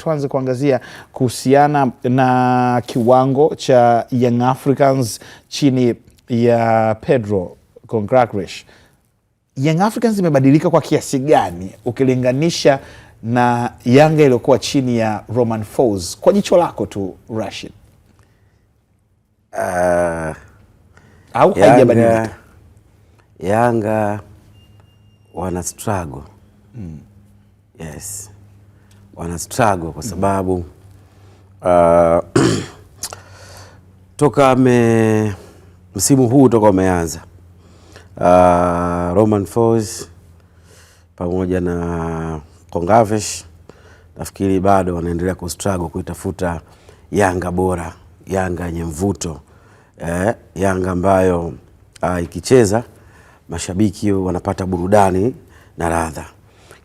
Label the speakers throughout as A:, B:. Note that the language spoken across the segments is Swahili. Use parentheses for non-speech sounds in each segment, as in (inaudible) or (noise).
A: tuanze kuangazia kuhusiana na kiwango cha Young Africans chini ya Pedro Goncalves. Young Africans imebadilika kwa kiasi gani ukilinganisha na Yanga iliyokuwa chini ya Romain Folz kwa jicho lako tu Rashid? Uh, au haijabadilika?
B: Yanga wana struggle mm. Yes, wana struggle kwa sababu uh, (clears throat) toka me, msimu huu toka umeanza uh, Roman Folz pamoja na Kongavesh nafikiri bado wanaendelea struggle kuitafuta Yanga bora, Yanga yenye mvuto eh, Yanga ambayo uh, ikicheza mashabiki wanapata burudani na radha.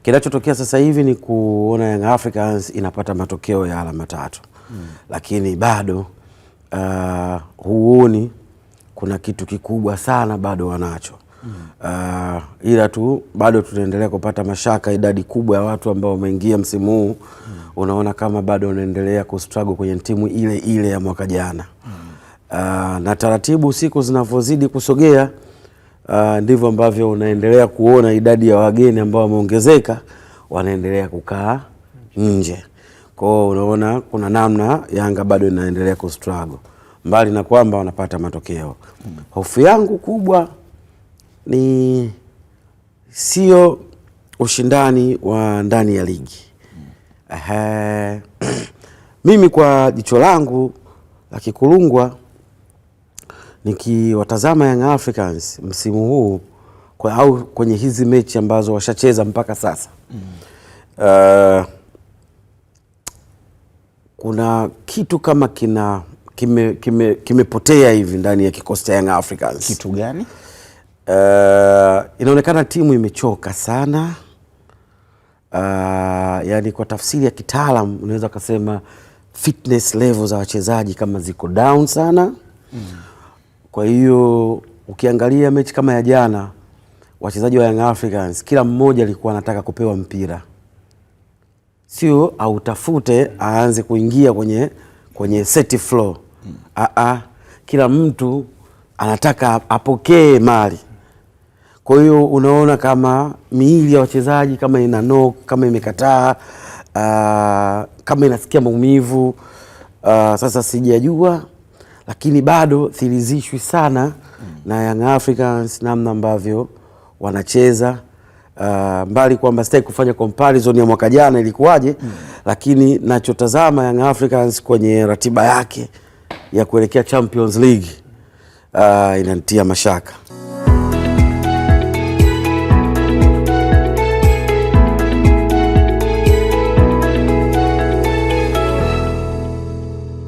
B: Kinachotokea sasa hivi ni kuona Young Africans inapata matokeo ya alama tatu mm. Lakini bado uh, huoni kuna kitu kikubwa sana bado wanacho Uh, ila tu bado tunaendelea kupata mashaka, idadi kubwa ya watu ambao wameingia msimu huu mm. Unaona kama bado wanaendelea kustruggle kwenye timu ile ile ya mwaka jana mm. Uh, na taratibu siku zinavyozidi kusogea uh, ndivyo ambavyo unaendelea kuona idadi ya wageni ambao wameongezeka wanaendelea kukaa nje. Kwao unaona kuna namna Yanga bado inaendelea kustruggle mbali na kwamba wanapata matokeo. Hofu yangu kubwa ni sio ushindani wa ndani ya ligi. (clears throat) Mimi kwa jicho langu la kikulungwa nikiwatazama Young Africans msimu huu kwa, au kwenye hizi mechi ambazo washacheza mpaka sasa mm. Uh, kuna kitu kama kina kimepotea kime, kime hivi ndani ya kikosi cha Young Africans. Kitu gani? Uh, inaonekana timu imechoka sana uh, yani kwa tafsiri ya kitaalam unaweza ukasema fitness level za wachezaji kama ziko down sana mm. Kwa hiyo ukiangalia mechi kama ya jana, wachezaji wa Young Africans kila mmoja alikuwa anataka kupewa mpira, sio autafute aanze kuingia kwenye, kwenye set floor. Aa, kila mtu anataka apokee mali. Kwa hiyo unaona kama miili ya wachezaji kama ina knock, kama imekataa, uh, kama inasikia maumivu uh, sasa sijajua lakini bado thilizishwi sana mm. na Young Africans namna ambavyo wanacheza uh, mbali kwamba sitaki kufanya comparison ya mwaka jana ilikuwaje mm. lakini nachotazama Young Africans kwenye ratiba yake ya kuelekea Champions League uh, inanitia mashaka.